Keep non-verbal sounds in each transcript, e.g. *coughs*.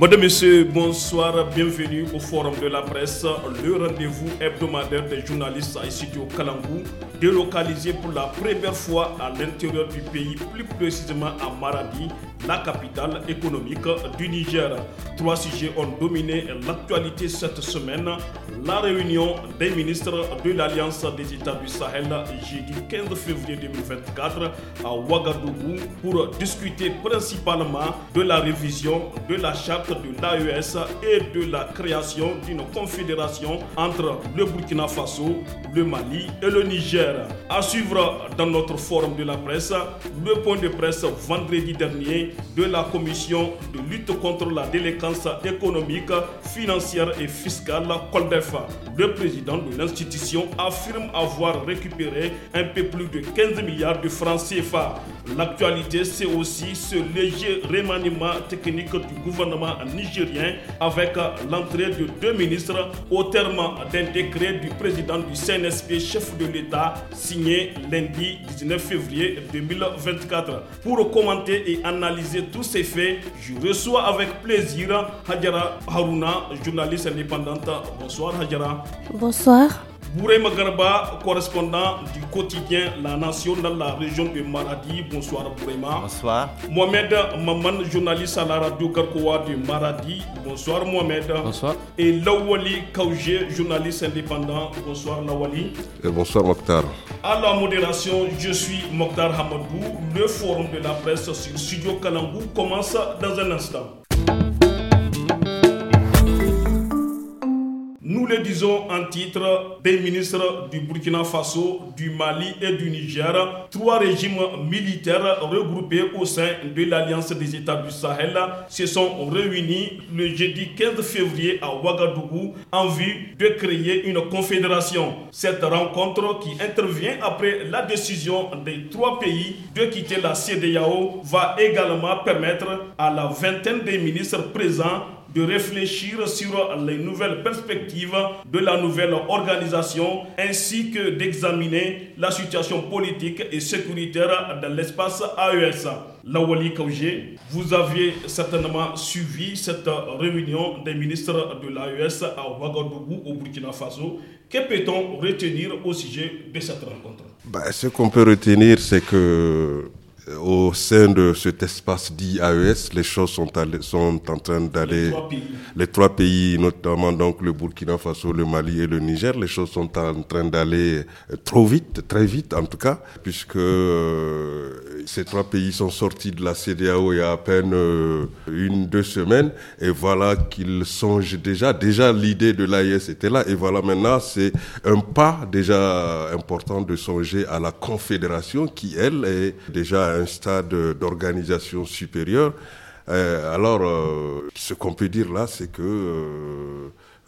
Madame, Monsieur, bonsoir, bienvenue au Forum de la presse, le rendez-vous hebdomadaire des journalistes à au Kalangou, délocalisé pour la première fois à l'intérieur du pays, plus précisément à Maradi, la capitale économique du Niger. Trois sujets ont dominé l'actualité cette semaine. La réunion des ministres de l'Alliance des États du Sahel jeudi 15 février 2024 à Ouagadougou pour discuter principalement de la révision de la charte de l'AES et de la création d'une confédération entre le Burkina Faso, le Mali et le Niger. À suivre dans notre forum de la presse, le point de presse vendredi dernier de la Commission de lutte contre la délinquance économique, financière et fiscale, Coldefa, Le président de l'institution affirme avoir récupéré un peu plus de 15 milliards de francs CFA. L'actualité, c'est aussi ce léger remaniement technique du gouvernement nigérien avec l'entrée de deux ministres au terme d'un décret du président du CNSP, chef de l'État, signé lundi 19 février 2024. Pour commenter et analyser tous ces faits. Je reçois avec plaisir Hadjara Haruna, journaliste indépendante. Bonsoir Hadjara. Bonsoir. Bourema Magarba, correspondant du quotidien La Nation dans la région de Maradi. Bonsoir Bourema. Bonsoir. Mohamed Maman, journaliste à la radio Garkoa de Maradi. Bonsoir Mohamed. Bonsoir. Et Lawali Kauje, journaliste indépendant. Bonsoir Lawali. Et bonsoir Mokhtar. À la modération, je suis Mokhtar Hamadou. Le forum de la presse sur Studio Kalangou commence dans un instant. Nous le disons en titre des ministres du Burkina Faso, du Mali et du Niger, trois régimes militaires regroupés au sein de l'Alliance des États du Sahel se sont réunis le jeudi 15 février à Ouagadougou en vue de créer une confédération. Cette rencontre qui intervient après la décision des trois pays de quitter la CDAO va également permettre à la vingtaine des ministres présents réfléchir sur les nouvelles perspectives de la nouvelle organisation ainsi que d'examiner la situation politique et sécuritaire dans l'espace AES. Lawali Kaouje, vous aviez certainement suivi cette réunion des ministres de l'AES à Ouagadougou au Burkina Faso. Que peut-on retenir au sujet de cette rencontre bah, Ce qu'on peut retenir, c'est que euh, au sein de cet espace dit AES, les choses sont, sont en train d'aller. Les, trois pays, notamment donc le Burkina Faso, le Mali et le Niger, les choses sont en train d'aller euh, trop vite, très vite en tout cas, puisque euh, ces trois pays sont sortis de la CDAO il y a à peine euh, une, deux semaines, et voilà qu'ils songent déjà. Déjà l'idée de l'AES était là, et voilà maintenant c'est un pas déjà important de songer à la confédération qui, elle, est déjà à un stade d'organisation supérieure. Euh, alors, euh, ce qu'on peut dire là, c'est que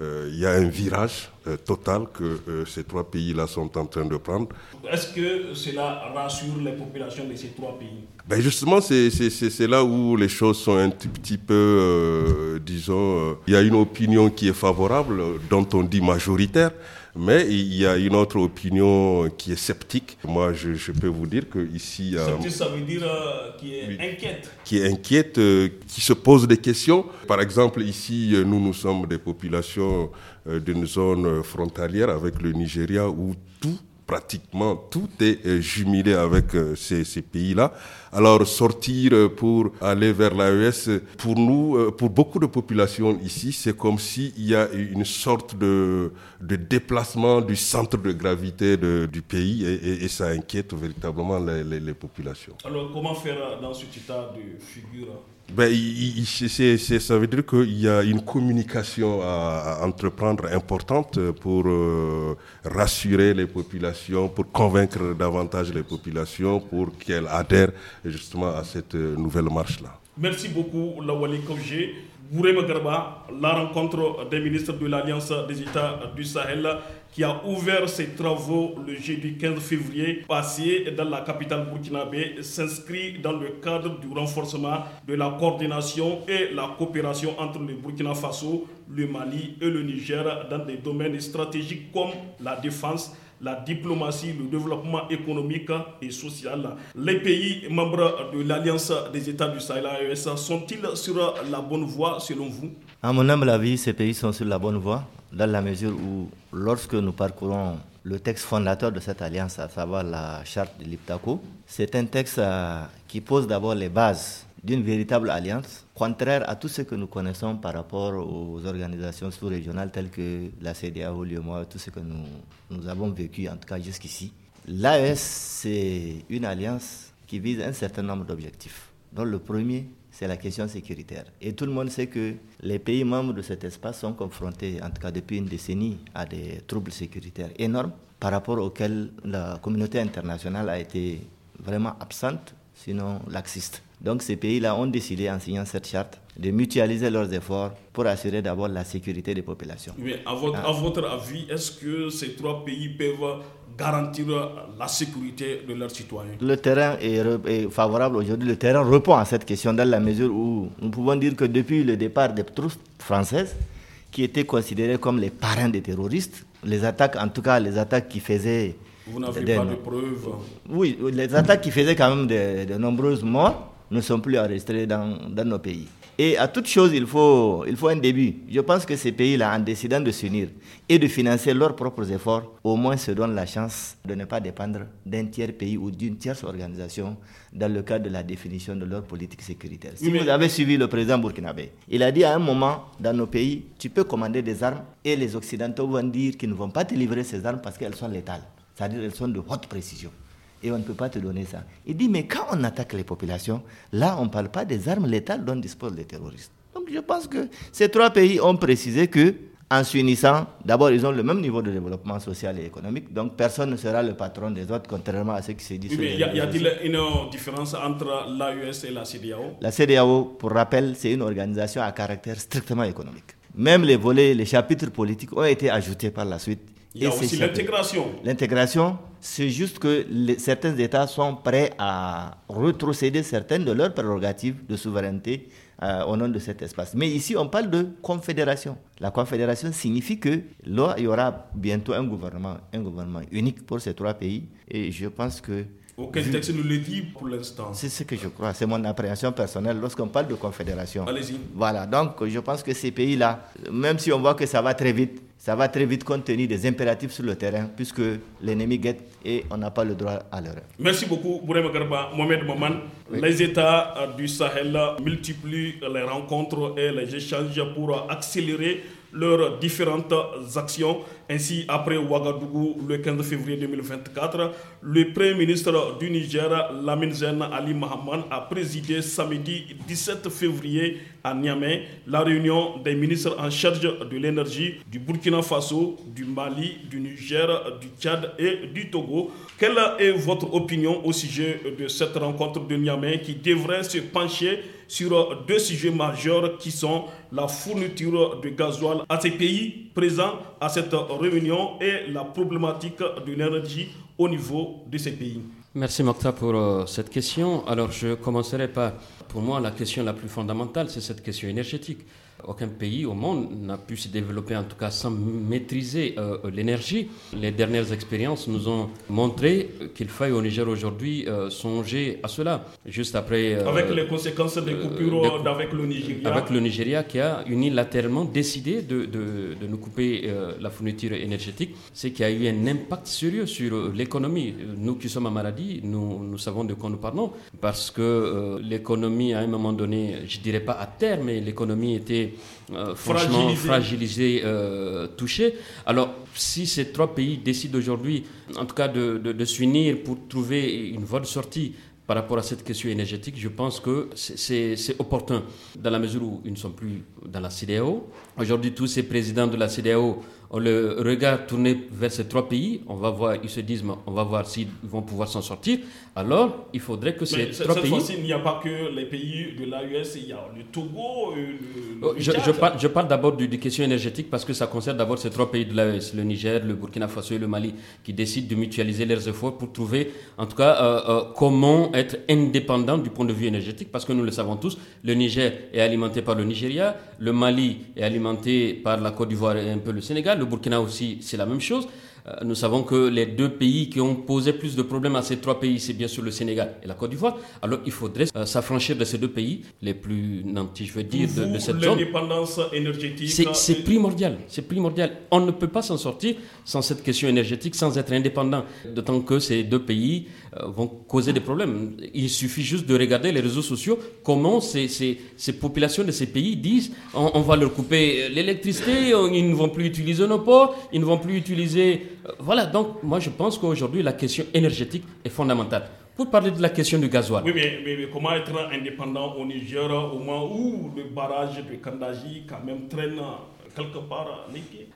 euh, il y a un virage total que ces trois pays-là sont en train de prendre. Est-ce que cela rassure les populations de ces trois pays ben Justement, c'est là où les choses sont un tout petit peu, disons, il y a une opinion qui est favorable, dont on dit majoritaire. Mais il y a une autre opinion qui est sceptique. Moi, je, peux vous dire qu'ici... Euh, sceptique, ça veut dire euh, qui est inquiète. Qui est inquiète, euh, qui se pose des questions. Par exemple, ici, nous, nous sommes des populations d'une zone frontalière avec le Nigeria où tout pratiquement tout est euh, jumelé avec euh, ces, pays-là. Alors sortir euh, pour aller vers l'AES, pour nous, pour beaucoup de populations ici, c'est comme s'il y a une sorte de, déplacement du centre de gravité du pays et, ça inquiète véritablement les, populations. Alors comment faire dans ce état de figure hein? ben, il, ça veut dire qu'il y a une communication à, entreprendre importante pour euh, rassurer les populations, pour convaincre davantage les populations, pour qu'elles adhèrent justement à cette euh, nouvelle marche-là. Merci beaucoup, Lawali Kogé. Bouré Magarba, la rencontre des ministres de l'Alliance des États du Sahel qui a ouvert ses travaux le jeudi 15 février passé dans la capitale burkinabé, s'inscrit dans le cadre du renforcement de la coordination et la coopération entre le Burkina Faso, le Mali et le Niger dans des domaines stratégiques comme la défense, la diplomatie, le développement économique et social. Les pays membres de l'Alliance des États du Sahel AES sont-ils sur la bonne voie selon vous À mon humble avis, ces pays sont sur la bonne voie dans la mesure où, lorsque nous parcourons le texte fondateur de cette alliance, à savoir la charte de l'IPTACO, c'est un texte euh, qui pose d'abord les bases d'une véritable alliance, contraire à tout ce que nous connaissons par rapport aux organisations sous-régionales telles que la CDAO, l'UMOA, tout ce que nous, avons vécu, en tout cas jusqu'ici. L'AES, c'est une alliance qui vise un certain nombre d'objectifs, dont le premier, c'est la question sécuritaire. Et tout le monde sait que les pays membres de cet espace sont confrontés, en tout cas depuis une décennie, à des troubles sécuritaires énormes par rapport auxquels la communauté internationale a été vraiment absente, sinon laxiste. Donc ces pays-là ont décidé, en signant cette charte, de mutualiser leurs efforts pour assurer d'abord la sécurité des populations. Mais à votre, ah. votre avis, est-ce que ces trois pays peuvent garantir la sécurité de leurs citoyens. Le terrain est, favorable aujourd'hui, le terrain répond à cette question dans la mesure où nous pouvons dire que depuis le départ des troupes françaises, qui étaient considérées comme les parrains des terroristes, les attaques, en tout cas les attaques qui faisaient... Vous n'avez pas de preuves Oui, les attaques qui faisaient quand même de, nombreuses morts ne sont plus enregistrées dans nos pays. Et à toute chose, il faut, il faut un début. Je pense que ces pays-là, en décidant de s'unir et de financer leurs propres efforts, au moins se donnent la chance de ne pas dépendre d'un tiers pays ou d'une tierce organisation dans le cadre de la définition de leur politique sécuritaire. Si vous avez suivi le président burkinabé, il a dit à un moment, dans nos pays, tu peux commander des armes et les Occidentaux vont dire qu'ils ne vont pas te livrer ces armes parce qu'elles sont létales, c'est-à-dire qu'elles sont de haute précision et on ne peut pas te donner ça. Il dit, mais quand on attaque les populations, là, on ne parle pas des armes létales dont disposent les terroristes. Donc je pense que ces trois pays ont précisé que, en s'unissant, d'abord, ils ont le même niveau de développement social et économique, donc personne ne sera le patron des autres, contrairement à ce qui s'est dit. Oui, mais y a-t-il une euh, différence entre l'AUS et la CDAO La CDAO, pour rappel, c'est une organisation à caractère strictement économique. Même les volets, les chapitres politiques ont été ajoutés par la suite il y a aussi l'intégration. L'intégration, c'est juste que certains États sont prêts à retrocéder certaines de leurs prérogatives de souveraineté euh, au nom de cet espace. Mais ici, on parle de confédération. La confédération signifie que là, il y aura bientôt un gouvernement, un gouvernement unique pour ces trois pays. Et je pense que aucun texte ne le dit pour l'instant. C'est ce que je crois, c'est mon appréhension personnelle lorsqu'on parle de confédération. Allez-y. Voilà, donc je pense que ces pays-là, même si on voit que ça va très vite, ça va très vite compte tenu des impératifs sur le terrain, puisque l'ennemi guette et on n'a pas le droit à l'erreur. Merci beaucoup, Bourem Garba. Mohamed Maman, les États du Sahel multiplient les rencontres et les échanges pour accélérer leurs différentes actions. Ainsi, après Ouagadougou, le 15 février 2024, le Premier ministre du Niger, Lamine Zen Ali Mahaman, a présidé samedi 17 février à Niamey la réunion des ministres en charge de l'énergie du Burkina Faso, du Mali, du Niger, du Tchad et du Togo. Quelle est votre opinion au sujet de cette rencontre de Niamey qui devrait se pencher sur deux sujets majeurs qui sont la fourniture de gasoil à ces pays présents à cette réunion et la problématique de l'énergie au niveau de ces pays. Merci Mokta pour euh, cette question. Alors je commencerai par, pour moi, la question la plus fondamentale, c'est cette question énergétique. Aucun pays au monde n'a pu se développer, en tout cas sans maîtriser euh, l'énergie. Les dernières expériences nous ont montré qu'il faille au Niger aujourd'hui euh, songer à cela. Juste après. Euh, avec les conséquences des coupures avec le Nigeria. Avec le Nigeria qui a unilatéralement décidé de, nous couper la fourniture énergétique, ce qui a eu un impact sérieux sur l'économie. Nous qui sommes à maladie, nous, nous savons de quoi nous parlons parce que l'économie, à un moment donné, je dirais pas à terre, mais l'économie était euh, franchement fragilisés, euh, touchés. Alors, si ces trois pays décident aujourd'hui, en tout cas, de, s'unir pour trouver une voie de sortie par rapport à cette question énergétique, je pense que c'est opportun, dans la mesure où ils ne sont plus dans la CDAO. Aujourd'hui, tous ces présidents de la CDAO le regard tourné vers ces trois pays, on va voir, ils se disent, on va voir s'ils vont pouvoir s'en sortir. Alors, il faudrait que ces trois cette pays. ci il n'y a pas que les pays de l'AES, il y a le Togo, euh, le. Oh, je, je, parle, je parle d'abord des questions question énergétique parce que ça concerne d'abord ces trois pays de l'AES, le Niger, le Burkina Faso et le Mali, qui décident de mutualiser leurs efforts pour trouver, en tout cas, euh, euh, comment être indépendant du point de vue énergétique, parce que nous le savons tous, le Niger est alimenté par le Nigeria, le Mali est alimenté par la Côte d'Ivoire et un peu le Sénégal. Le Burkina aussi, c'est la même chose. Euh, nous savons que les deux pays qui ont posé plus de problèmes à ces trois pays, c'est bien sûr le Sénégal et la Côte d'Ivoire. Alors il faudrait euh, s'affranchir de ces deux pays, les plus nantis, je veux dire, de, cette zone. L'indépendance énergétique. C'est primordial, c'est primordial. On ne peut pas s'en sortir sans cette question énergétique, sans être indépendant, d'autant que ces deux pays euh, vont causer des problèmes. Il suffit juste de regarder les réseaux sociaux, comment ces, ces, populations de ces pays disent on va leur couper l'électricité, ils ne vont plus utiliser nos ports, ils ne vont plus utiliser voilà, donc moi je pense qu'aujourd'hui la question énergétique est fondamentale. Pour parler de la question du gasoil. Oui, mais, comment être indépendant au Niger au moins où le barrage de Kandaji quand même traîne quelque part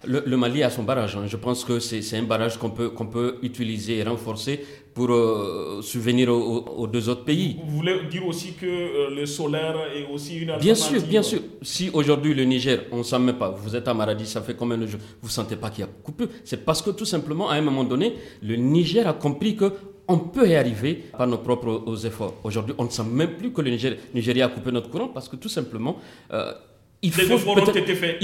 Le, le, Mali a son barrage. Hein. Je pense que c'est un barrage qu'on peut, utiliser et renforcer pour souvenir euh, subvenir aux, deux autres pays. Vous voulez dire aussi que euh, le solaire est aussi une alternative Bien sûr, bien hein. sûr. Si aujourd'hui le Niger, on ne s'en met pas, vous êtes à Maradi, ça fait combien de jours Vous ne sentez pas qu'il y a coupé C'est parce que tout simplement, à un moment donné, le Niger a compris que on peut y arriver par nos propres euh, efforts. Aujourd'hui, on ne sent même plus que le Nigeria, a coupé notre courant parce que tout simplement, il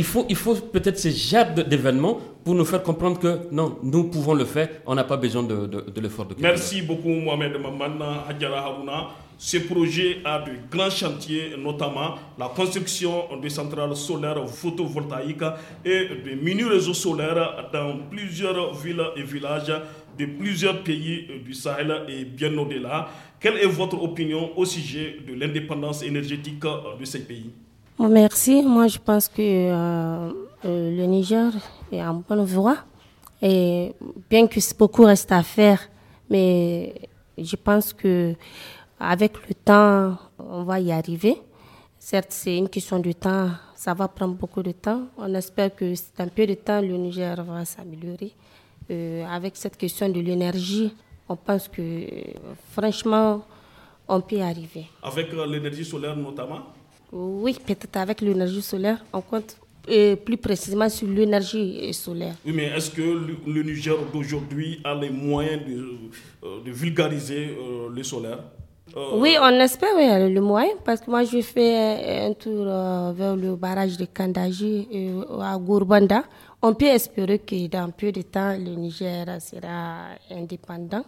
faut, il faut, peut-être ces jets d'événements pour nous faire comprendre que non, nous pouvons le faire, on n'a pas besoin de, l'effort de Merci beaucoup Mohamed Mamana Hadjara Harouna. Ce projet a de grands chantiers, notamment la construction de centrales solaires photovoltaïques et de mini-réseaux solaires dans plusieurs villes et villages de plusieurs pays du Sahel et bien au-delà. Quelle est votre opinion au sujet de l'indépendance énergétique de ces pays Oh, merci. Moi, je pense que euh, euh, le Niger est en bonne voie. Et bien que beaucoup reste à faire, mais je pense que avec le temps, on va y arriver. Certes, c'est une question de temps, ça va prendre beaucoup de temps. On espère que c'est un peu de temps, le Niger va s'améliorer. Euh, avec cette question de l'énergie, on pense que franchement, on peut y arriver. Avec l'énergie solaire notamment oui, peut-être avec l'énergie solaire, on compte plus précisément sur l'énergie euh, solaire. Oui, mais est-ce que le Niger d'aujourd'hui a les moyens de, euh, vulgariser euh, le solaire Oui, on espère oui, le moyen, parce que moi je fais un tour vers le barrage de Kandaji à Gourbanda. On peut espérer que dans peu de temps, le Niger sera indépendant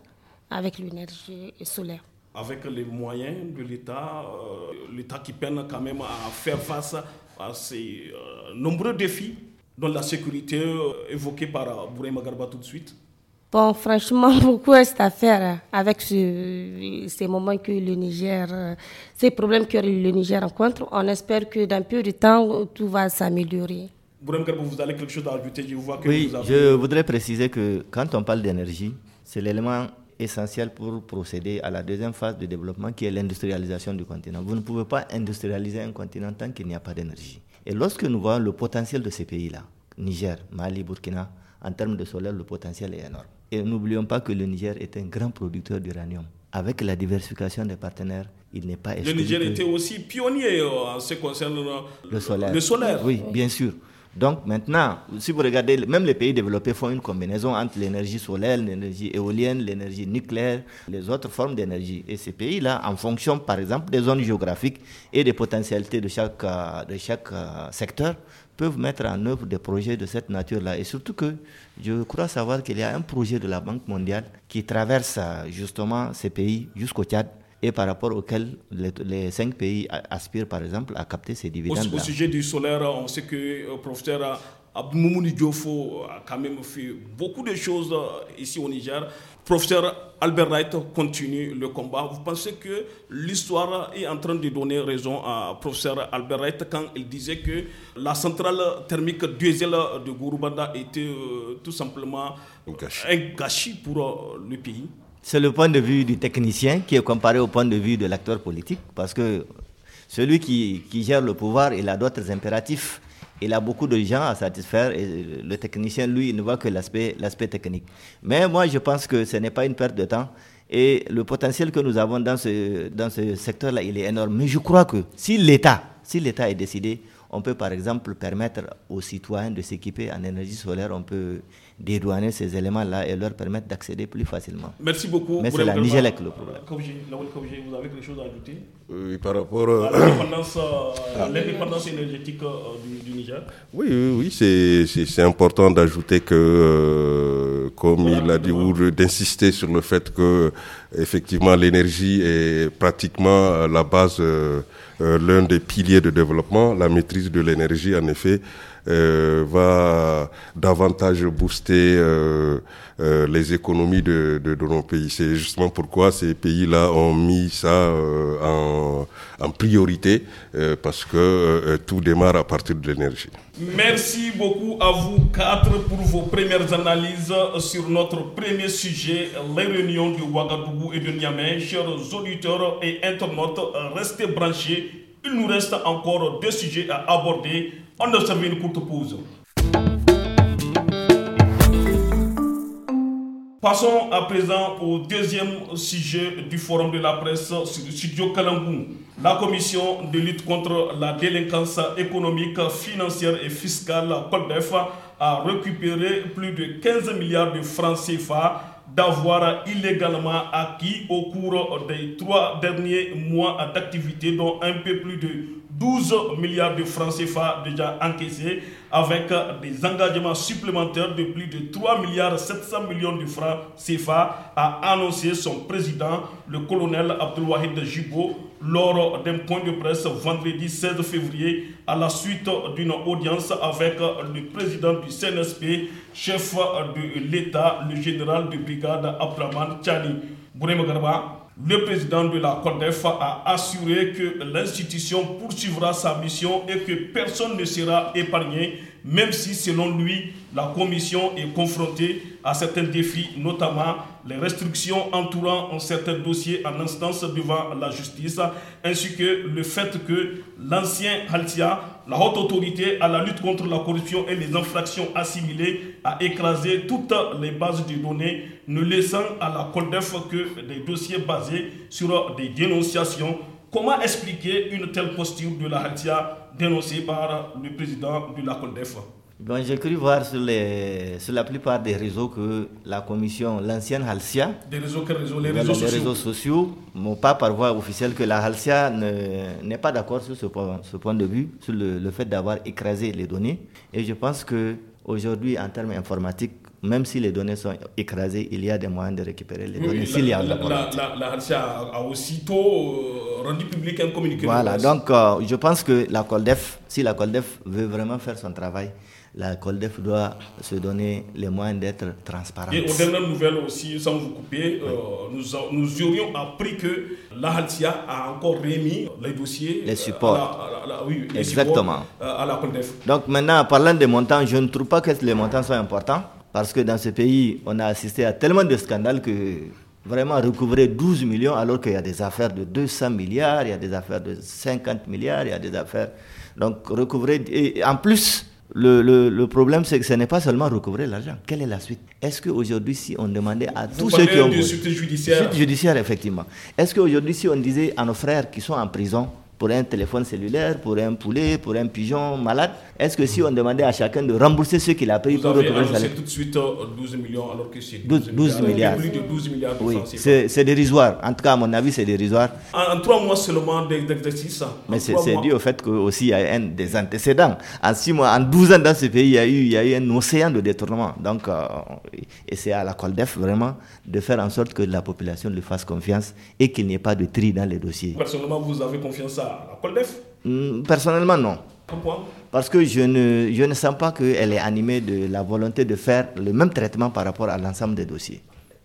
avec l'énergie solaire avec les moyens de l'État, euh, l'État qui peine quand même à faire face à ces euh, nombreux défis, dont la sécurité euh, évoquée par Bouraï Magarba tout de suite. Bon, franchement, *laughs* beaucoup reste à faire avec ces moments que le Niger, ces problèmes que le Niger rencontre. On espère que dans peu de temps, tout va s'améliorer. Bouraï Magarba, vous avez quelque chose à ajouter Je vois que oui, vous je voudrais préciser que quand on parle d'énergie, c'est l'élément essentiel pour procéder à la deuxième phase de développement qui est l'industrialisation du continent. Vous ne pouvez pas industrialiser un continent tant qu'il n'y a pas d'énergie. Et lorsque nous voyons le potentiel de ces pays-là, Niger, Mali, Burkina, en termes de solaire, le potentiel est énorme. Et n'oublions pas que le Niger est un grand producteur d'uranium. Avec la diversification des partenaires, il n'est pas... Le Niger était aussi pionnier euh, en ce qui concerne euh, le solaire. Le solaire. Oui, bien sûr. Donc maintenant, si vous regardez, même les pays développés font une combinaison entre l'énergie solaire, l'énergie éolienne, l'énergie nucléaire, les autres formes d'énergie. Et ces pays-là, en fonction, par exemple, des zones géographiques et des potentialités de chaque, euh, de chaque euh, secteur, peuvent mettre en œuvre des projets de cette nature-là. Et surtout que je crois savoir qu'il y a un projet de la Banque mondiale qui traverse euh, justement ces pays jusqu'au Tchad et par rapport auquel les, cinq pays aspirent, par exemple, à capter ces dividendes. Au, sujet du solaire, on sait que le euh, professeur euh, Abdoumouni Diofo a quand même fait beaucoup de choses euh, ici au Niger. Professeur Albert Wright continue le combat. Vous pensez que l'histoire est en train de donner raison à professeur Albert Wright quand il disait que la centrale thermique diesel de Gourubanda était tout simplement un gâchis, pour le pays c'est le point de vue du technicien qui est comparé au point de vue de l'acteur politique, parce que celui qui, gère le pouvoir, il a d'autres impératifs, il a beaucoup de gens à satisfaire, et le technicien, lui, ne voit que l'aspect technique. Mais moi, je pense que ce n'est pas une perte de temps. Et le potentiel que nous avons dans ce, dans ce secteur-là, il est énorme. Mais je crois que si l'État, si l'État est décidé, on peut par exemple permettre aux citoyens de s'équiper en énergie solaire, on peut dédouaner ces éléments-là et leur permettre d'accéder plus facilement. Merci beaucoup. Mais c'est la Nigélec le problème. Euh, vous avez quelque chose à ajouter Oui, par rapport euh, à l'indépendance euh, ah. énergétique du, Niger Oui, oui, oui c'est important d'ajouter que, comme il a dit, ou d'insister sur le fait que, effectivement, l'énergie est pratiquement la base. Euh, l'un des piliers de développement, la maîtrise de l'énergie, en effet, euh, va davantage booster euh, euh, les économies de, nos pays. C'est justement pourquoi ces pays-là ont mis ça en, priorité parce que tout démarre à partir de l'énergie. Merci beaucoup à vous quatre pour vos premières analyses sur notre premier sujet, les réunions de Ouagadougou et de Niamey. Chers auditeurs et internautes, restez branchés. Il nous reste encore deux sujets à aborder on doit servi une courte pause. Passons à présent au deuxième sujet du forum de la presse studio Kalangou. La commission de lutte contre la délinquance économique, financière et fiscale, CODEF, a récupéré plus de 15 milliards de francs CFA d'avoir illégalement acquis au cours des trois derniers mois d'activité, dont un peu plus de 12 milliards de francs CFA déjà encaissés avec des engagements supplémentaires de plus de 3 milliards 700 millions de francs CFA a annoncé son président, le colonel Abdelwahid Jibo, lors d'un point de presse vendredi 16 février à la suite d'une audience avec le président du CNSP, chef de l'État, le général de brigade Abdraman Tchani. Garba, le président de la CODEF a assuré que l'institution poursuivra sa mission et que personne ne sera épargné, même si, selon lui, la commission est confrontée à certains défis, notamment les restrictions entourant certains dossiers en instance devant la justice, ainsi que le fait que l'ancien Haltia la haute autorité à la lutte contre la corruption et les infractions assimilées a écrasé toutes les bases de données, ne laissant à la CODEF que des dossiers basés sur des dénonciations. Comment expliquer une telle posture de la Hatia dénoncée par le président de la CODEF j'ai cru voir sur, sur la plupart des réseaux que la commission, l'ancienne Halcia, des réseaux, les, réseaux, sociaux. mon pas par voie officielle que la Halcia n'est pas d'accord sur ce point, de vue, sur le, fait d'avoir écrasé les données. Et je pense que aujourd'hui, en termes informatiques, même si les données sont écrasées, il y a des moyens de récupérer les données. y la, la, Halcia a aussitôt euh, rendu public un communiqué. Voilà, donc euh, je pense que la COLDEF, si la COLDEF veut vraiment faire son travail, la Coldef doit se donner les moyens d'être transparente. Et aux dernières nouvelles aussi, sans vous couper, euh, nous, nous, aurions appris que la Haltia a encore remis les dossiers. Les supports. Exactement. Euh, à la Coldef. Donc maintenant, parlant des montants, je ne trouve pas que les montants soient importants parce que dans ce pays, on a assisté à tellement de scandales que vraiment recouvrer 12 millions alors qu'il y a des affaires de 200 milliards, il y a des affaires de 50 milliards, il y a des affaires. Donc recouvrer. Et en plus, le, le, problème, c'est que ce n'est pas seulement recouvrer l'argent. Quelle est la suite Est-ce qu'aujourd'hui, si on demandait à tous ceux qui ont... Suite judiciaire. Suite judiciaire, effectivement. Est-ce qu'aujourd'hui, si on disait à nos frères qui sont en prison, pour un téléphone cellulaire, pour un poulet, pour un pigeon malade. Est-ce que si on demandait à chacun de rembourser ce qu'il a pris Vous pour retrouver sa tout de suite 12 euh, millions alors que c'est 12, Plus de 12 milliards de oui, c'est dérisoire. En tout cas, à mon avis, c'est dérisoire. En, trois mois seulement ça. Mais c'est dû au fait qu'il il y a un, des antécédents. En six mois, en 12 ans dans ce pays, il y a eu, un océan de détournement. Donc, euh, et c'est à la Coldef vraiment de faire en sorte que la population lui fasse confiance et qu'il n'y ait pas de tri dans les dossiers. Personnellement, vous avez confiance à Hmm, personnellement, non. Pourquoi Parce que je ne, ne sens pas qu'elle est animée de la volonté de faire le même traitement par rapport à l'ensemble des dossiers.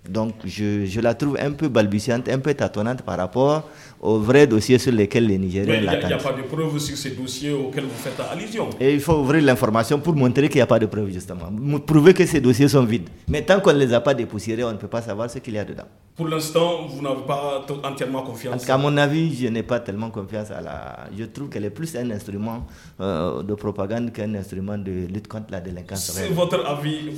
Donc je, je, la trouve un peu balbutiante, un peu tâtonnante par rapport aux vrais dossiers sur lesquels les Nigériens l'attendent. Il n'y a, pas de preuves sur ces dossiers auxquels vous faites allusion. Et il faut ouvrir l'information pour montrer qu'il n'y a pas de preuves, justement. Prouver que ces dossiers sont vides. Mais tant qu'on ne les a pas dépoussiérés, on ne peut pas savoir ce qu'il y a dedans. Pour l'instant, vous n'avez pas entièrement confiance À mon avis, je n'ai pas tellement confiance à la. Je trouve qu'elle est plus un instrument euh, de propagande qu'un instrument de lutte contre la délinquance. C'est votre bah, avis,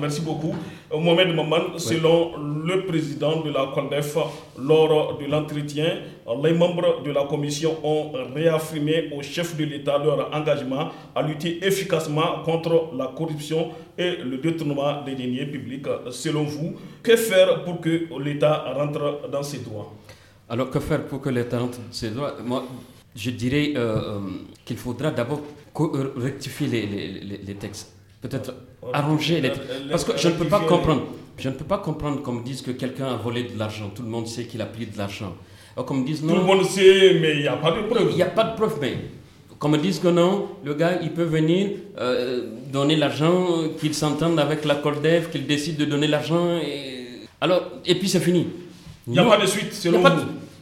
Merci beaucoup. Euh, Mohamed Maman, selon le président de la CONDEF, lors de l'entretien euh, les membres de la commission ont réaffirmé au chef de l'État leur engagement à lutter efficacement contre la corruption et le détournement des deniers publics. Euh, selon vous, que faire pour que l'État rentre dans ses droits Alors, que faire pour que l'État rentre dans ses droits Moi, je dirais euh, qu'il faudra d'abord rectifier les, textes, peut-être arranger les textes. Parce que je ne peux pas comprendre. Je ne peux pas comprendre qu'on me dise que quelqu'un a volé de l'argent. Tout le monde sait qu'il a pris de l'argent. Comme disent non. Tout le monde sait, mais il n'y a pas de preuve. Il n'y a pas de preuve, mais. Comme disent que non, le gars, il peut venir euh, donner l'argent, qu'il s'entende avec la cordef qu'il décide de donner l'argent. Et... Alors, et puis c'est fini. Il n'y a pas de suite, selon vous.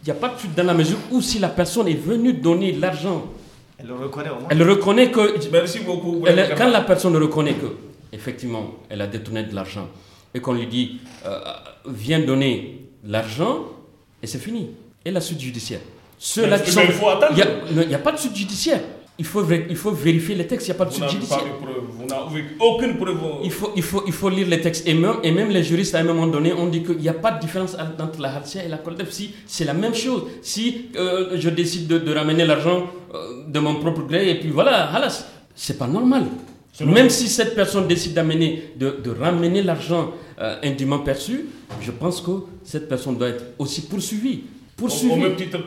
Il n'y a pas de suite dans la mesure où si la personne est venue donner l'argent, elle le reconnaît au moins. Elle reconnaît que. Merci beaucoup. quand la personne reconnaît que, effectivement, elle a détourné de l'argent et qu'on lui dit, euh, viens donner l'argent, et c'est fini et la suite judiciaire. ceux il n'y a, pas de suite judiciaire. Il faut, vérifier les textes, il n'y a pas de suite judiciaire. aucune preuve. Il faut, lire les textes. Et même, et même les juristes, à un moment donné, ont dit qu'il n'y a pas de différence entre la hartia et la collecte. Si c'est la même chose, si euh, je décide de, ramener l'argent euh, de mon propre gré, et puis voilà, halas, c'est pas normal. Même si cette personne décide d'amener, de, ramener l'argent euh, indûment perçu, je pense que cette personne doit être aussi poursuivie poursuivi. Au, même titre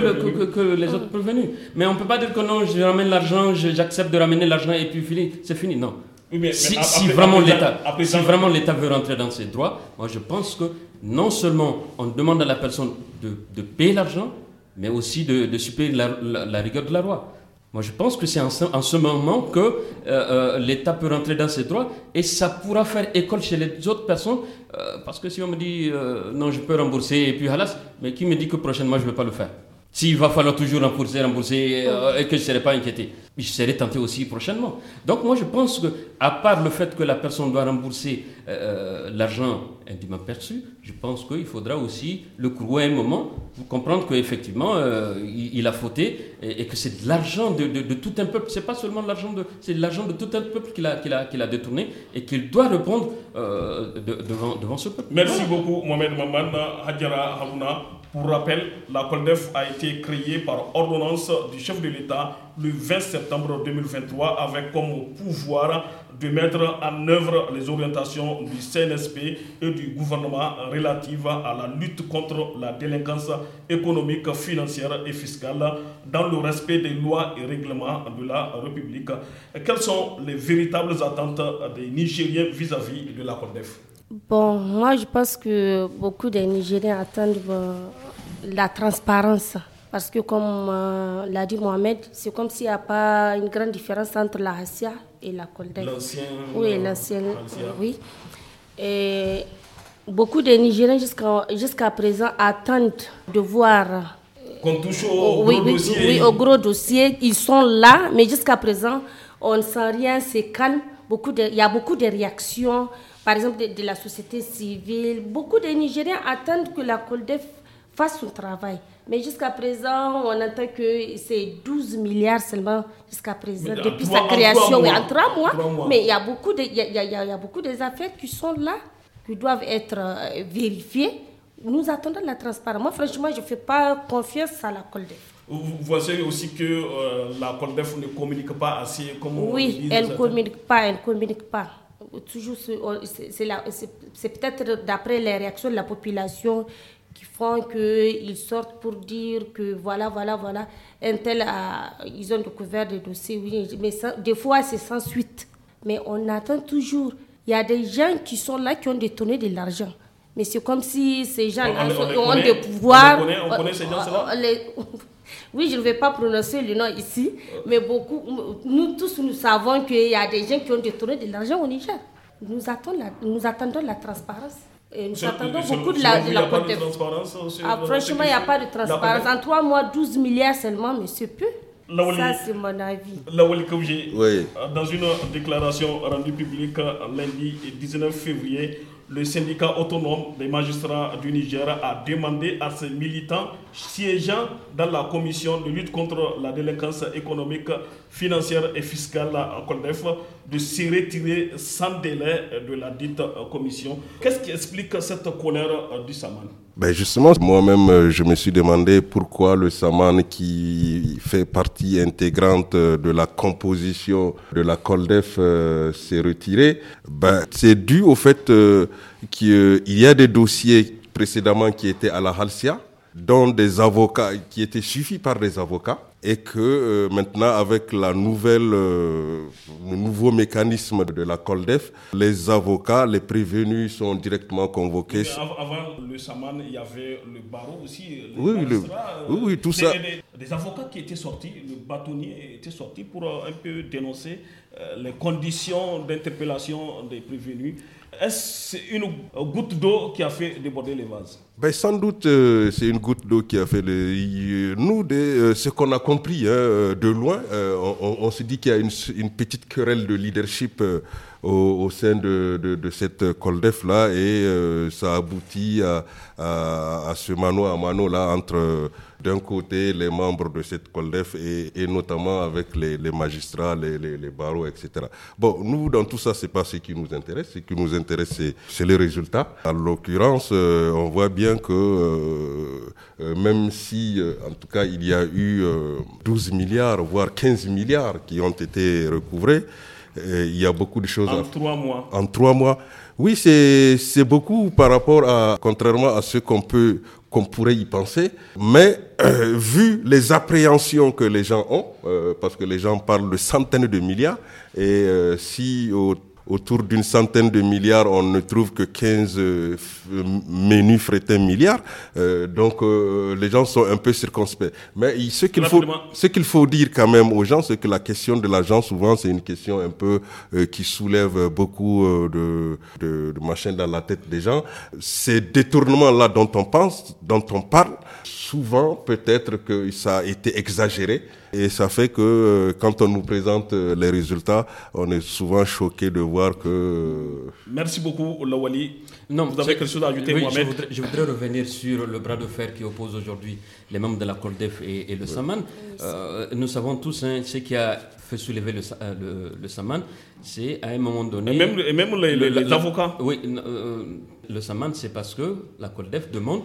que, que, les autres prévenus. Mais on ne peut pas dire que non, je ramène l'argent, j'accepte de ramener l'argent et puis fini, c'est fini. Non. si, vraiment l'État, veut rentrer dans ses droits, moi je pense que non seulement on demande à la personne de, payer l'argent, mais aussi de, de la, rigueur de la loi. Moi, je pense que c'est en, ce, moment que euh, euh, l'État peut rentrer dans ses droits et ça pourra faire école chez les autres personnes. Euh, parce que si on me dit non, je peux rembourser et puis halas, mais qui me dit que prochainement je ne vais pas le faire s'il va falloir toujours rembourser, rembourser, et que je ne serai pas inquiété, je serai tenté aussi prochainement. Donc moi je pense que, à part le fait que la personne doit rembourser euh, euh, l'argent indûment perçu, je pense qu'il faudra aussi le croire un moment pour comprendre qu'effectivement euh, il, a fauté et, que c'est de l'argent de, tout un peuple. C'est pas seulement l'argent de, c'est l'argent de tout un peuple qu'il a, a, a détourné et qu'il doit répondre devant, devant ce peuple. Merci beaucoup Mohamed Maman, Hadjara Harouna. Pour rappel, la COLDEF a été créée par ordonnance du chef de l'État le 20 septembre 2023 avec comme pouvoir de mettre en œuvre les orientations du CNSP et du gouvernement relatives à la lutte contre la délinquance économique, financière et fiscale dans le respect des lois et règlements de la République. Quelles sont les véritables attentes des Nigériens vis-à-vis de la COLDEF Bon, moi je pense que beaucoup des Nigériens attendent euh, la transparence. Parce que comme euh, l'a dit Mohamed, c'est comme s'il n'y a pas une grande différence entre la et la Kolda. L'ancienne Oui, euh, l'ancienne. Oui. Et beaucoup de Nigériens jusqu'à présent attendent de voir. Qu'on touche au, oh, gros dossier. Oui, au gros dossier. Ils sont là, mais jusqu'à présent, on ne sent rien, c'est calme. Beaucoup de, il y a beaucoup de réactions par exemple de, la société civile. Beaucoup de Nigériens attendent que la COLDEF fasse son travail. Mais jusqu'à présent, on entend que c'est 12 milliards seulement jusqu'à présent, euh, depuis sa création, en trois mois, Mais il y a beaucoup de, il y a, y a, beaucoup des affaires qui sont là, qui doivent être euh, vérifiées. Nous attendons la transparence. Moi, franchement, je ne fais pas confiance à la COLDEF. Vous voyez aussi que euh, la COLDEF ne communique pas assez. Comme oui, elle ne communique pas, elle ne communique pas toujours oh, c'est peut-être d'après les réactions de la population qui font qu'ils sortent pour dire que voilà, voilà, voilà, un tel ils ont découvert des dossiers, oui, mais des fois c'est sans suite. Mais on attend toujours. Il y a des gens qui sont là qui ont détourné de l'argent. Mais c'est comme si ces gens-là ont des pouvoirs. On, connaît, on connaît ces gens-là oui, je ne vais pas prononcer le nom ici, oh. mais beaucoup, nous tous, nous savons qu'il y a des gens qui ont détourné de l'argent au Niger. Nous attendons la, nous attendons la transparence. Et nous attendons beaucoup de la, de la franchement, il n'y a pas de transparence. En trois mois, 12 milliards seulement, Monsieur peu. Ça, c'est mon avis. oui. dans une déclaration rendue publique euh, lundi 19 février, le syndicat autonome des magistrats du Niger a demandé à ses militants siégeant dans la commission de lutte contre la délinquance économique, financière et fiscale à Koldef de se retirer sans délai euh, de la dite euh, commission. Qu'est-ce qui explique cette colère euh, du Saman ben justement, moi-même, je me suis demandé pourquoi le Saman, qui fait partie intégrante de la composition de la Coldef, s'est retiré. Ben, c'est dû au fait qu'il y a des dossiers précédemment qui étaient à la Halcia, dont des avocats, qui étaient suivis par des avocats et que euh, maintenant avec la nouvelle, euh, le nouveau mécanisme de la Coldef, les avocats, les prévenus sont directement convoqués. avant le Saman, il y avait le barreau aussi. Euh, oui, oui, tout ça. Des, avocats qui étaient sortis, le bâtonnier était sorti pour un peu dénoncer les conditions d'interpellation des prévenus. Est-ce une goutte d'eau qui a fait déborder les vases ben, Sans doute, c'est une goutte d'eau qui a fait... Les... Nous, des euh, ce qu'on a compris hein, euh, de loin, euh, on, se dit qu'il y a une, une petite querelle de leadership au, sein de, de, de cette Coldef-là et euh, ça aboutit à, à, ce mano à mano-là entre euh, d'un côté les membres de cette COLDEF et, et notamment avec les, les magistrats, les, les, les, barreaux, etc. Bon, nous, dans tout ça, c'est pas ce qui nous intéresse. Ce qui nous intéresse, c'est les résultats. En l'occurrence, euh, on voit bien que même si, en tout cas, il y a eu 12 milliards, voire 15 milliards qui ont été recouvrés, euh, il y a beaucoup de choses. En trois mois. En trois mois. Oui, c'est beaucoup par rapport à, contrairement à ce qu'on peut, qu'on pourrait y penser. Mais euh, vu les appréhensions que les gens ont, euh, parce que les gens parlent de centaines de milliards, et si au autour d'une centaine de milliards, on ne trouve que 15 euh, menus frétins milliards. Euh, donc euh, les gens sont un peu circonspects. Mais ce qu'il faut, ce qu'il faut dire quand même aux gens, c'est que la question de l'argent, souvent, c'est une question un peu qui soulève beaucoup de, de, de machins dans la tête des gens. Ces détournements-là dont on pense, dont on parle, souvent peut-être que ça a été exagéré. Et ça fait que euh, quand on nous présente euh, les résultats, on est souvent choqué de voir que... Euh, Merci beaucoup, Lawali. Non, vous avez quelque chose à ajouter, oui, je, voudrais, je voudrais, revenir sur le bras de fer qui oppose aujourd'hui les membres de la Coldef et, le Saman. nous savons tous hein, ce qui a fait soulever le, Saman, c'est à un moment donné. Et même, et le, Oui, le Saman, c'est parce que la Coldef demande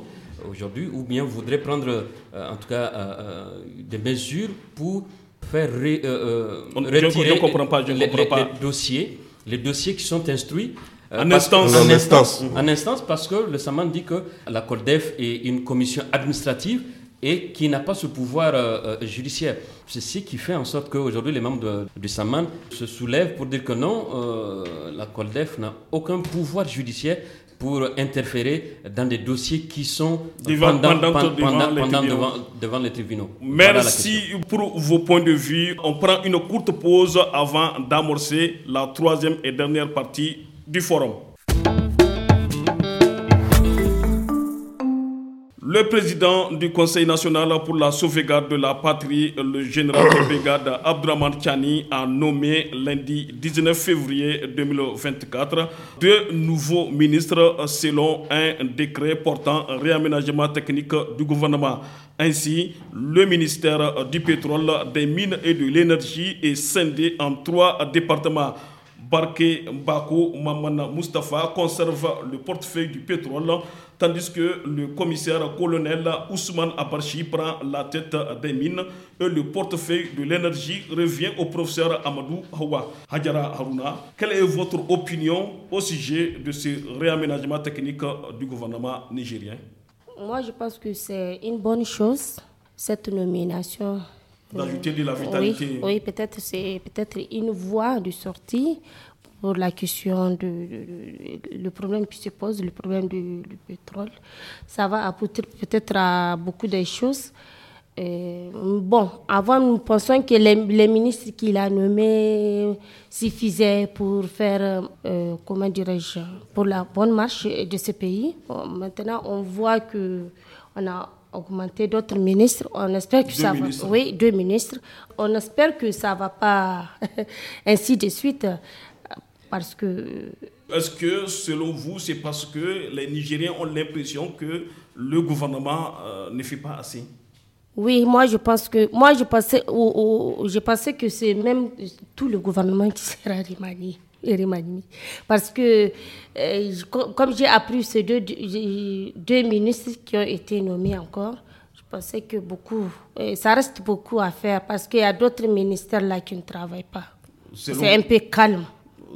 aujourd'hui, ou bien voudrait prendre euh, en tout cas euh, euh, des mesures pour faire On, retirer pas, les, dossiers, les dossiers qui sont instruits en, instance. En, instance. parce que le Saman dit que la COLDEF est une commission administrative et qui n'a pas ce pouvoir judiciaire. C'est ce qui fait en sorte qu'aujourd'hui, les membres du Saman se soulèvent pour dire que non, la COLDEF n'a aucun pouvoir judiciaire pour interférer dans des dossiers qui sont devant, devant, les tribunaux. Merci pour vos points de vue. On prend une courte pause avant d'amorcer la troisième et dernière partie du forum. Le président du Conseil national pour la sauvegarde de la patrie, le général *coughs* de Abdraman Chani, a nommé lundi 19 février 2024 deux nouveaux ministres selon un décret portant réaménagement technique du gouvernement. Ainsi, le ministère du pétrole, des mines et de l'énergie est scindé en trois départements. Barke Mbako, Mamana Mustafa conserve le portefeuille du pétrole tandis que le commissaire colonel Ousmane Aparchi prend la tête des mines et le portefeuille de l'énergie revient au professeur Amadou Hawa. Hadjara Haruna, quelle est votre opinion au sujet de ce réaménagement technique du gouvernement nigérien Moi, je pense que c'est une bonne chose, cette nomination d'ajouter de la vitalité. Oui, oui peut-être c'est peut-être une voie de sortie pour la question de, le problème qui se pose, le problème du, pétrole, ça va apporter peut-être à beaucoup de choses. Et, bon, avant, nous pensions que les, les ministres qu'il a nommés suffisaient pour faire, euh, comment dirais-je, pour la bonne marche de ce pays. maintenant, on voit que on a augmenté d'autres ministres. On espère que ça va. Oui, deux ministres. On espère que ça va pas *laughs* ainsi de suite. Parce que... Est-ce que, selon vous, c'est parce que les Nigériens ont l'impression que le gouvernement euh, ne fait pas assez oui, moi je pense que moi je pensais, je pensais que c'est même tout le gouvernement qui *laughs* sera remanié, parce que euh, comme j'ai appris ces deux, deux ministres qui ont été nommés encore, je pensais que beaucoup, euh, ça reste beaucoup à faire parce qu'il y a d'autres ministères là qui ne travaillent pas. C'est un peu calme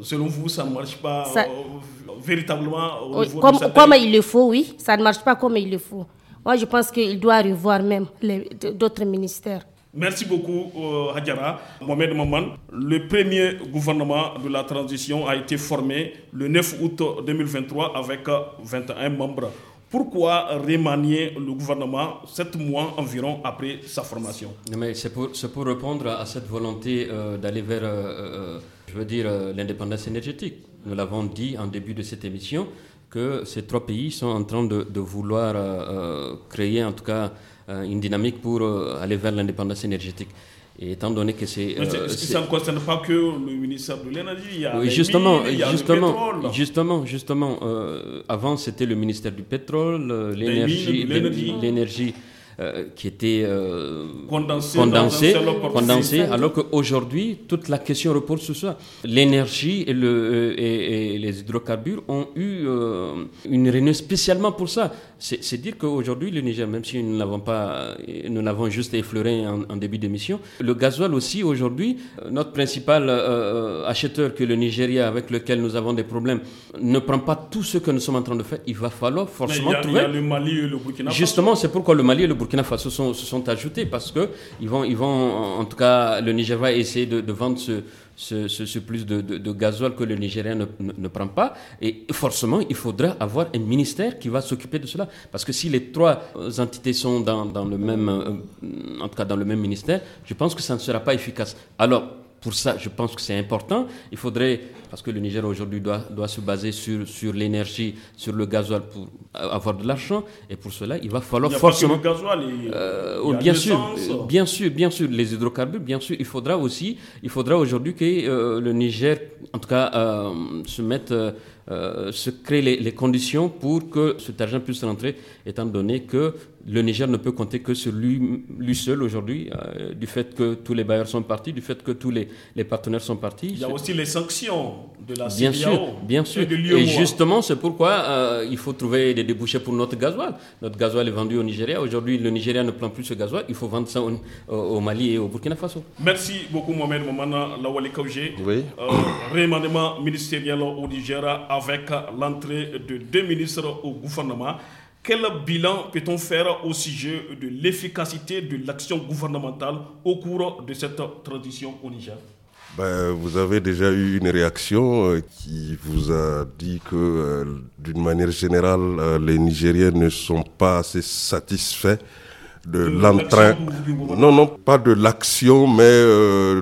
selon vous, ça ne marche pas euh, véritablement comme, comme il le faut, oui. Ça ne marche pas comme il le faut. Moi, je pense qu'il doit revoir même d'autres ministères. Merci beaucoup, euh, Hadjara. Mohamed Maman, le premier gouvernement de la transition a été formé le 9 août 2023 avec 21 euh, membres. Pourquoi remanier le gouvernement sept mois environ après sa formation C'est pour, pour, répondre à cette volonté d'aller vers... Je veux dire euh, l'indépendance énergétique. Nous l'avons dit en début de cette émission que ces trois pays sont en train de, vouloir euh, euh, créer en tout cas une dynamique pour aller vers l'indépendance énergétique. Et étant donné que c'est. ça ne concerne pas que le ministère de l'énergie. Il y a oui, justement, justement, justement, justement. avant, c'était le ministère du pétrole, l'énergie, l'énergie, euh, qui étaient euh, alors qu'aujourd'hui, toute la question repose sur ça. L'énergie et, euh, les hydrocarbures ont eu euh, une réunion spécialement pour ça. C'est dire qu'aujourd'hui, le Niger, même si nous n'avons pas, nous l'avons juste effleuré en, début d'émission, le gasoil aussi aujourd'hui, euh, notre principal euh, euh, acheteur que le Nigeria, avec lequel nous avons des problèmes, ne prend pas tout ce que nous sommes en train de faire. Il va falloir forcément a, trouver. Il le Mali le Burkina Faso. Justement, c'est pourquoi le Mali et le Burkina Faso sont, se sont ajoutés parce que ils vont, ils vont, en tout cas, le Niger va essayer de, de vendre ce ce, plus de, de, gasoil que le Nigérien ne, ne, prend pas. Et forcément, il faudra avoir un ministère qui va s'occuper de cela. Parce que si les trois entités sont dans, dans le même, euh, en tout cas dans le même ministère, je pense que ça ne sera pas efficace. Alors, pour ça, je pense que c'est important. Il faudrait, parce que le Niger aujourd'hui doit, doit, se baser sur, sur l'énergie, sur le gasoil pour avoir de l'argent. Et pour cela, il va falloir il forcément. que le euh, bien sûr, euh, bien sûr, bien sûr, les hydrocarbures, bien sûr. Il faudra aussi, il faudra aujourd'hui que euh, le Niger, en tout cas, se mette euh, se créent les, conditions pour que cet argent puisse rentrer, étant donné que le Niger ne peut compter que sur lui, lui seul aujourd'hui, euh, du fait que tous les bailleurs sont partis, du fait que tous les, partenaires sont partis. Il y a aussi les sanctions de la Bien sûr, bien sûr. Et, justement, c'est pourquoi euh, il faut trouver des débouchés pour notre gasoil. Notre gasoil est vendu au Nigeria. Aujourd'hui, le Nigeria ne prend plus ce gasoil. Il faut vendre ça au, Mali et au Burkina Faso. Merci beaucoup, Mohamed Momana Lawali Kaouje. Oui. ministériel au Nigeria avec l'entrée de deux ministres au gouvernement. Quel bilan peut-on faire au sujet de l'efficacité de l'action gouvernementale au cours de cette transition au Niger ben, vous avez déjà eu une réaction euh, qui vous a dit que, euh, d'une manière générale, euh, les Nigériens ne sont pas assez satisfaits de, l'entrée. l'entrain. Non, non, pas de l'action, mais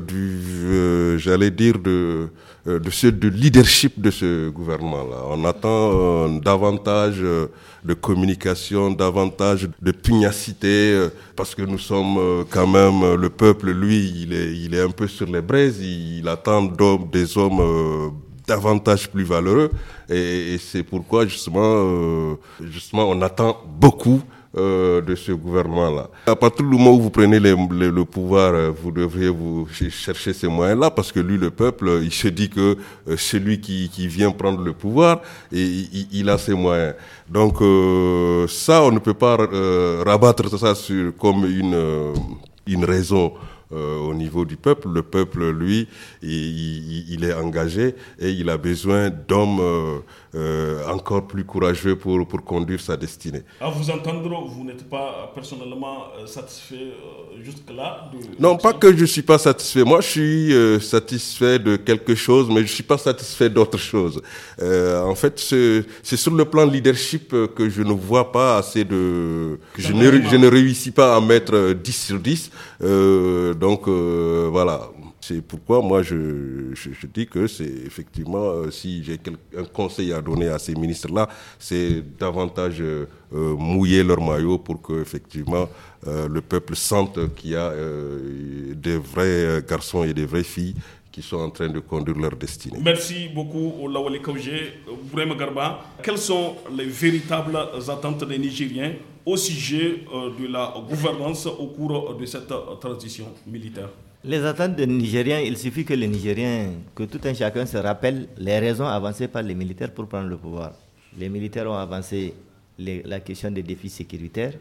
du, j'allais dire, de euh, de ce leadership de ce gouvernement-là. On attend euh, davantage euh, de communication, davantage de pugnacité, parce que nous sommes quand même le peuple, lui, il est, il est un peu sur les braises, il, attend d'hommes, des hommes davantage plus valeureux, et, et c'est pourquoi justement, justement, on attend beaucoup euh, de ce gouvernement-là. À partir du moment où vous prenez les, le pouvoir, euh, vous devriez vous chercher ces moyens-là parce que lui, le peuple, il se dit que euh, celui qui, qui vient prendre le pouvoir, et, il, a ses moyens. Donc ça, on ne peut pas rabattre ça sur, comme une, une raison. au niveau du peuple. Le peuple, lui, il, est engagé et il a besoin d'hommes euh, encore plus courageux pour, pour conduire sa destinée. À vous entendre, vous n'êtes pas personnellement euh, satisfait euh, jusque-là Non, pas que je ne suis pas satisfait. Moi, je suis satisfait de quelque chose, mais je ne suis pas satisfait d'autre chose. en fait, c'est sur le plan leadership que je ne vois pas assez de... je, ne, je ne réussis pas à mettre 10 sur 10. donc, voilà. C'est pourquoi moi je, dis que c'est effectivement, euh, si j'ai un conseil à donner à ces ministres-là, c'est davantage euh, euh, mouiller leur maillot pour que effectivement le peuple sente qu'il y a des vrais garçons et des vraies filles qui sont en train de conduire leur destinée. Merci beaucoup Olawale Kaouje, Bourema Garba. Quelles sont les véritables attentes des Nigériens au sujet de la gouvernance au cours de cette transition militaire les attentes des Nigériens, il suffit que les Nigériens, que tout un chacun se rappelle les raisons avancées par les militaires pour prendre le pouvoir. Les militaires ont avancé la question des défis sécuritaires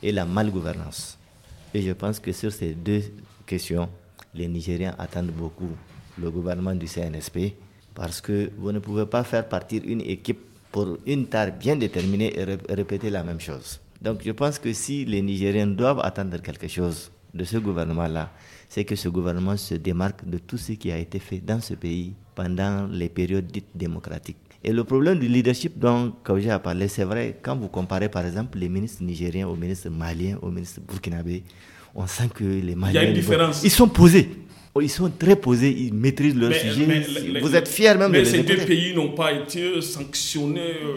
et la malgouvernance. Et je pense que sur ces deux questions, les Nigériens attendent beaucoup le gouvernement du CNSP parce que vous ne pouvez pas faire partir une équipe pour une tare bien déterminée et répéter la même chose. Donc je pense que si les Nigériens doivent attendre quelque chose de ce gouvernement-là, c'est que ce gouvernement se démarque de tout ce qui a été fait dans ce pays pendant les périodes dites démocratiques. Et le problème du leadership dont Kaouja a parlé, c'est vrai, quand vous comparez par exemple les ministres nigériens aux ministres maliens, aux ministres burkinabés, on sent que les Maliens. Il y a une différence. Ils sont posés. Oh, ils sont très posés, ils maîtrisent leur sujet. vous êtes fiers même de Mais ces deux pays n'ont pas été sanctionnés euh,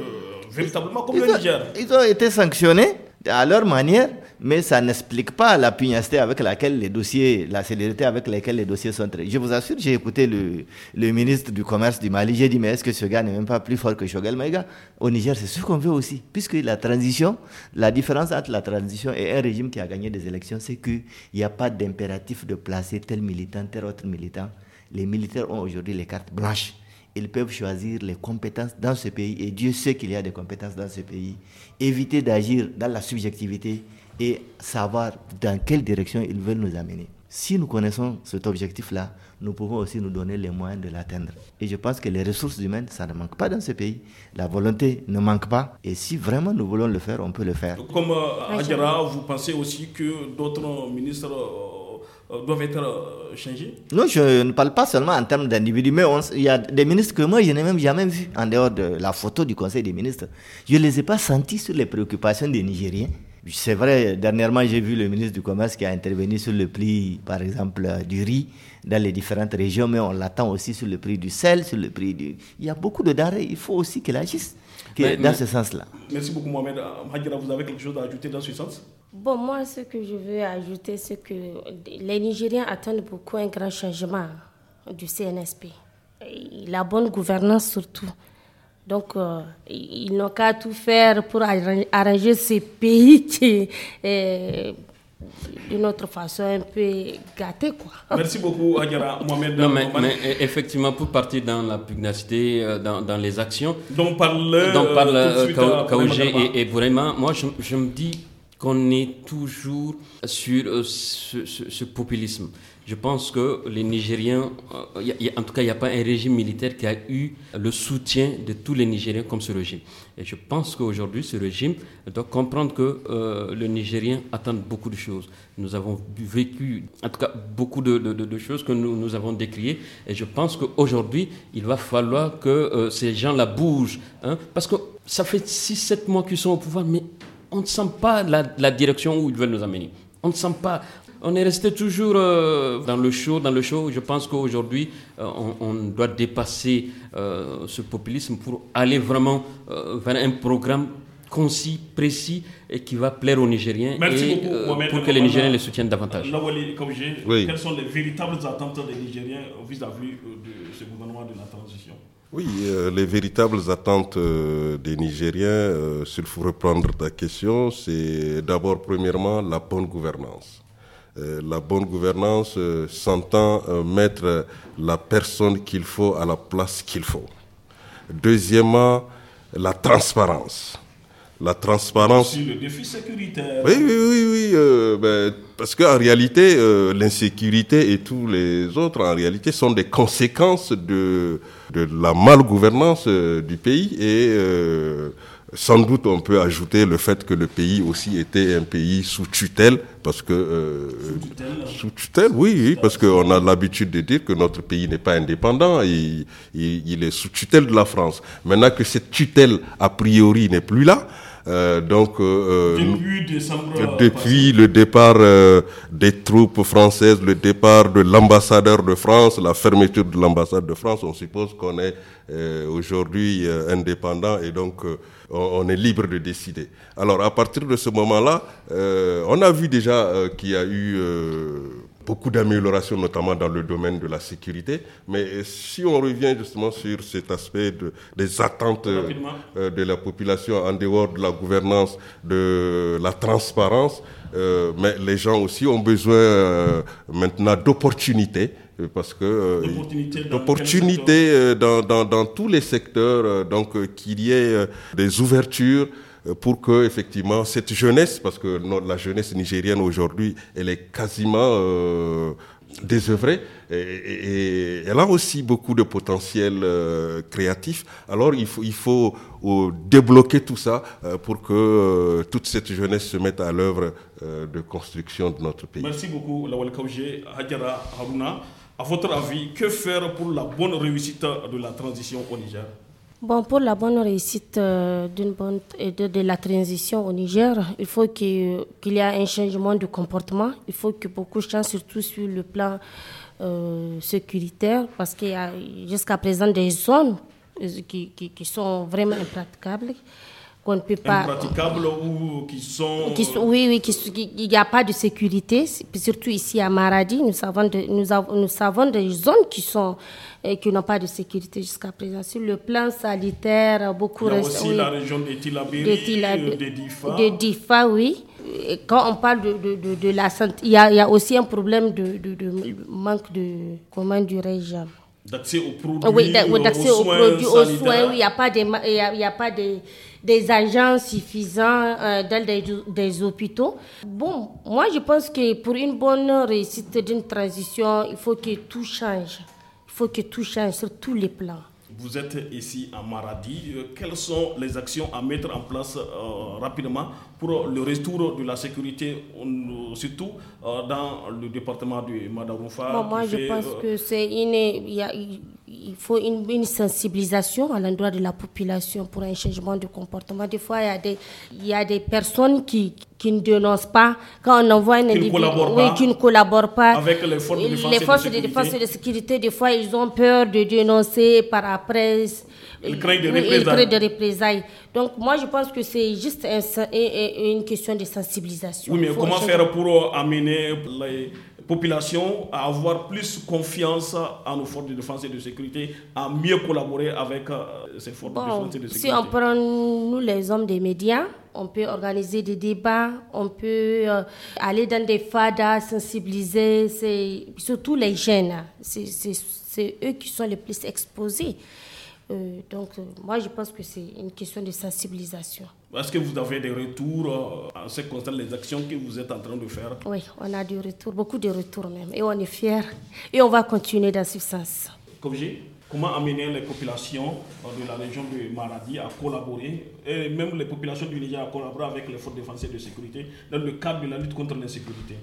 véritablement comme le Niger. ils ont été sanctionnés à leur manière, mais ça n'explique pas la pugnacité avec laquelle les dossiers, la célérité avec laquelle les dossiers sont traités. Je vous assure, j'ai écouté le, ministre du Commerce du Mali, j'ai dit, mais est-ce que ce gars n'est même pas plus fort que Shogel Maïga Au Niger, c'est ce qu'on veut aussi, puisque la transition, la différence entre la transition et un régime qui a gagné des élections, c'est qu'il n'y a pas d'impératif de placer tel militant, tel autre militant. Les militaires ont aujourd'hui les cartes blanches ils peuvent choisir les compétences dans ce pays. Et Dieu sait qu'il y a des compétences dans ce pays. Éviter d'agir dans la subjectivité et savoir dans quelle direction ils veulent nous amener. Si nous connaissons cet objectif-là, nous pouvons aussi nous donner les moyens de l'atteindre. Et je pense que les ressources humaines, ça ne manque pas dans ce pays. La volonté ne manque pas. Et si vraiment nous voulons le faire, on peut le faire. Comme euh, vous pensez aussi que d'autres ministres euh, euh, doivent être euh, changés Non, je ne parle pas seulement en termes d'individus, mais il y a des ministres que moi, je n'ai même jamais vus en dehors de la photo du Conseil des ministres. Je ne les ai pas sentis sur les préoccupations des Nigériens. C'est vrai, dernièrement, j'ai vu le ministre du Commerce qui a intervenu sur le prix, par exemple, euh, du riz dans les différentes régions, mais on l'attend aussi sur le prix du sel, sur le prix du... Il y a beaucoup de denrées, il faut aussi qu'elle agisse dans ce sens-là. Merci beaucoup, Mohamed. Euh, vous avez quelque chose à ajouter dans ce sens Bon, moi, ce que je veux ajouter, c'est que les Nigériens attendent beaucoup un grand changement du CNSP. La bonne gouvernance surtout. Donc, il euh, ils n'ont qu'à tout faire pour arranger ces pays *laughs* qui, euh, d'une autre façon un peu gâtés. Quoi. Merci beaucoup, Aguera. Mohamed. Euh, e, effectivement, pour partir dans la pugnacité, dans, les actions dont parle, dont parle et, et moi je, me dis qu'on est toujours sur ce populisme je pense que les Nigériens, euh, en tout cas, il n'y a pas un régime militaire qui a eu le soutien de tous les Nigériens comme ce régime. Et je pense qu'aujourd'hui, ce régime doit comprendre que euh, le Nigérien attend beaucoup de choses. Nous avons vécu, en tout cas, beaucoup de, choses que nous, nous, avons décriées. Et je pense qu'aujourd'hui, il va falloir que euh, ces gens-là bougent. Hein. parce que ça fait 6-7 mois qu'ils sont au pouvoir, mais on ne sent pas la, la direction où ils veulent nous amener. On ne sent pas, on est resté toujours euh, dans le show, dans le chaud. Je pense qu'aujourd'hui, euh, on, doit dépasser euh, ce populisme pour aller vraiment vers un programme concis, précis et qui va plaire aux Nigériens pour que les Nigériens les soutiennent davantage. Quelles sont les véritables attentes des Nigériens vis-à-vis de ce gouvernement de la transition oui, les véritables attentes des Nigériens, s'il faut reprendre ta question, c'est d'abord, premièrement, la bonne gouvernance. Euh, la bonne gouvernance euh, s'entend euh, mettre la personne qu'il faut à la place qu'il faut. Deuxièmement, la transparence. La transparence. le défi sécuritaire. Oui, oui, oui, oui. Ben, parce qu'en réalité, l'insécurité et tous les autres, en réalité, sont des conséquences de, la mal gouvernance du pays et sans doute, on peut ajouter le fait que le pays aussi était un pays sous tutelle, parce que euh, hein. sous, tutelle, oui, parce qu'on a l'habitude de dire que notre pays n'est pas indépendant, il, il, est sous tutelle de la France. Maintenant que cette tutelle a priori n'est plus là, euh, donc, euh, depuis, le départ des troupes françaises, le départ de l'ambassadeur de France, la fermeture de l'ambassade de France, on suppose qu'on est aujourd'hui indépendant et donc on, est libre de décider. Alors à partir de ce moment-là, euh, on a vu déjà euh, qu'il y a eu euh, beaucoup d'améliorations, notamment dans le domaine de la sécurité. Mais si on revient justement sur cet aspect des attentes de la population en dehors de la gouvernance, de la transparence, mais les gens aussi ont besoin maintenant d'opportunités euh, parce que euh, l'opportunité euh, dans, tous les secteurs, donc qu'il y ait des ouvertures pour que effectivement cette jeunesse, parce que la jeunesse nigérienne aujourd'hui, elle est quasiment désœuvrée, et, elle a aussi beaucoup de potentiel créatif. Alors il faut, il faut débloquer tout ça pour que toute cette jeunesse se mette à l'œuvre de construction de notre pays. Merci beaucoup, Lawal Kaouje, Hadjara Haruna à votre avis, que faire pour la bonne réussite de la transition au Niger Bon, pour la bonne réussite euh, de, la transition au Niger, il faut qu'il y ait un changement de comportement. Il faut que beaucoup changent, surtout sur le plan euh, sécuritaire, parce qu'il y a jusqu'à présent des zones qui, qui sont vraiment impraticables qu'on ne peut pas. Impraticables ou qui sont. Qui, oui, oui, il n'y a pas de sécurité, surtout ici à Maradi. Nous savons, nous, avons, savons des zones qui sont euh, qui n'ont pas de sécurité jusqu'à présent. Sur le plan sanitaire, beaucoup Il aussi la région de Tillabéri euh, de Difa. De Difa, oui. quand on parle de, de, de, la santé, il y, a, aussi un problème de, manque de. Comment dirais-je D'accès aux produits. Oui, euh, d'accès aux, soins, produits, aux soins, oui, il n'y a pas a pas de des agents suffisants euh, dans des, hôpitaux. Bon, moi je pense que pour une bonne réussite d'une transition, il faut que tout change. Il faut que tout change sur tous les plans. Vous êtes ici à Maradi. Euh, quelles sont les actions à mettre en place euh, rapidement pour le retour de la sécurité, surtout dans le département du Madaroufa Moi, je pense que c'est une il faut une, sensibilisation à l'endroit de la population pour un changement de comportement. Des fois, il y a des, il y a des personnes qui, qui ne dénoncent pas, quand on envoie un individu, qui ne collaborent pas avec les forces, de, défense et de sécurité, des fois, ils ont peur de dénoncer par après. Ils craignent des représailles. Donc, moi, je pense que c'est juste une question de sensibilisation. Oui, mais comment faire pour amener les population à avoir plus confiance en nos forces de défense et de sécurité, à mieux collaborer avec euh, ces forces de défense et de sécurité. Si on prend nous les hommes des médias, on peut organiser des débats, on peut euh, aller dans des fadas, sensibiliser, surtout les jeunes. C'est eux qui sont les plus exposés. Euh, donc, euh, moi, je pense que c'est une question de sensibilisation. Est-ce que vous avez des retours euh, en ce qui concerne les actions que vous êtes en train de faire Oui, on a des retours, beaucoup de retours même. Et on est fiers. Et on va continuer dans ce sens. Comme comment amener les populations de la région de Maradi à collaborer, et même les populations du Niger à collaborer avec les forces de de sécurité dans le cadre de la lutte contre l'insécurité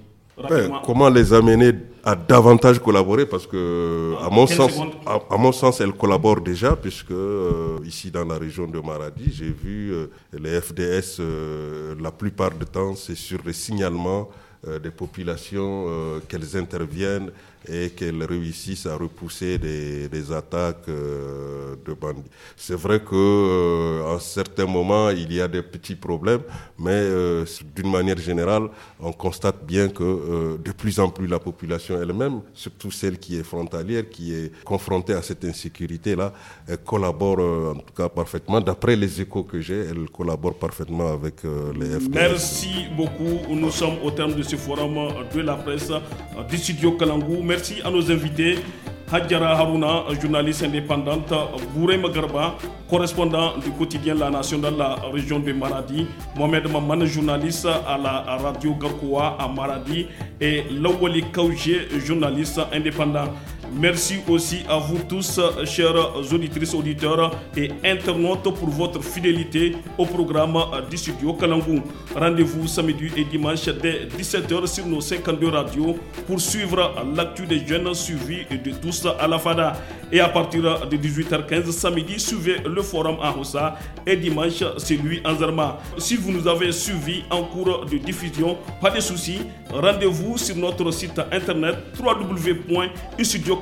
ben, Comment les amener à davantage collaborer parce que, à mon, sens, à, mon sens, elle collabore déjà puisque euh, ici dans la région de Maradi, j'ai vu euh, les FDS, euh, la plupart du temps, c'est sur le signalement des populations qu'elles interviennent et qu'elles réussissent à repousser des, attaques euh, de bandits. C'est vrai que euh, certains moments il y a des petits problèmes, mais euh, d'une manière générale, on constate bien que de plus en plus la population elle-même, surtout celle qui est frontalière, qui est confrontée à cette insécurité là, elle collabore en tout cas parfaitement. D'après les échos que j'ai, elle collabore parfaitement avec les FDS. Merci beaucoup. Nous sommes au terme de ce forum de la presse du studio Kalangou. Merci à nos invités. Hadjara Haruna, journaliste indépendante, Bouré Garba, correspondant du quotidien La Nation dans la région de Maradi, Mohamed Maman, journaliste à la radio Garkoua à Maradi, et Lawali Kaujé, journaliste indépendant. Merci aussi à vous tous, chers auditrices, auditeurs et internautes, pour votre fidélité au programme du studio Kalangou. Rendez-vous samedi et dimanche dès 17h sur nos 52 radios pour suivre l'actu des jeunes suivis de tous à la FADA. Et à partir de 18h15 samedi, suivez le forum à et dimanche, celui en Zarma. Si vous nous avez suivis en cours de diffusion, pas de soucis, rendez-vous sur notre site internet www.studio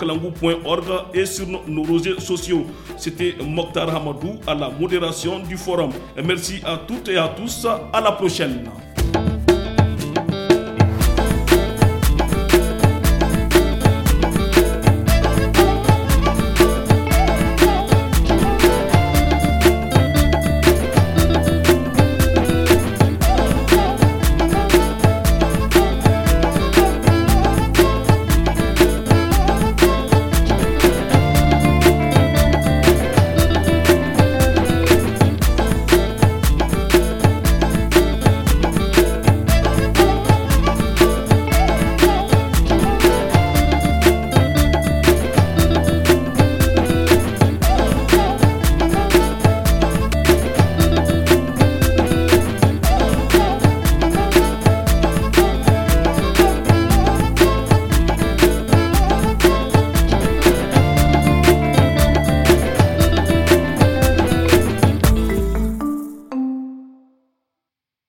et sur nos réseaux sociaux. C'était Mokhtar Hamadou à la modération du forum. merci à toutes et à tous. À la prochaine.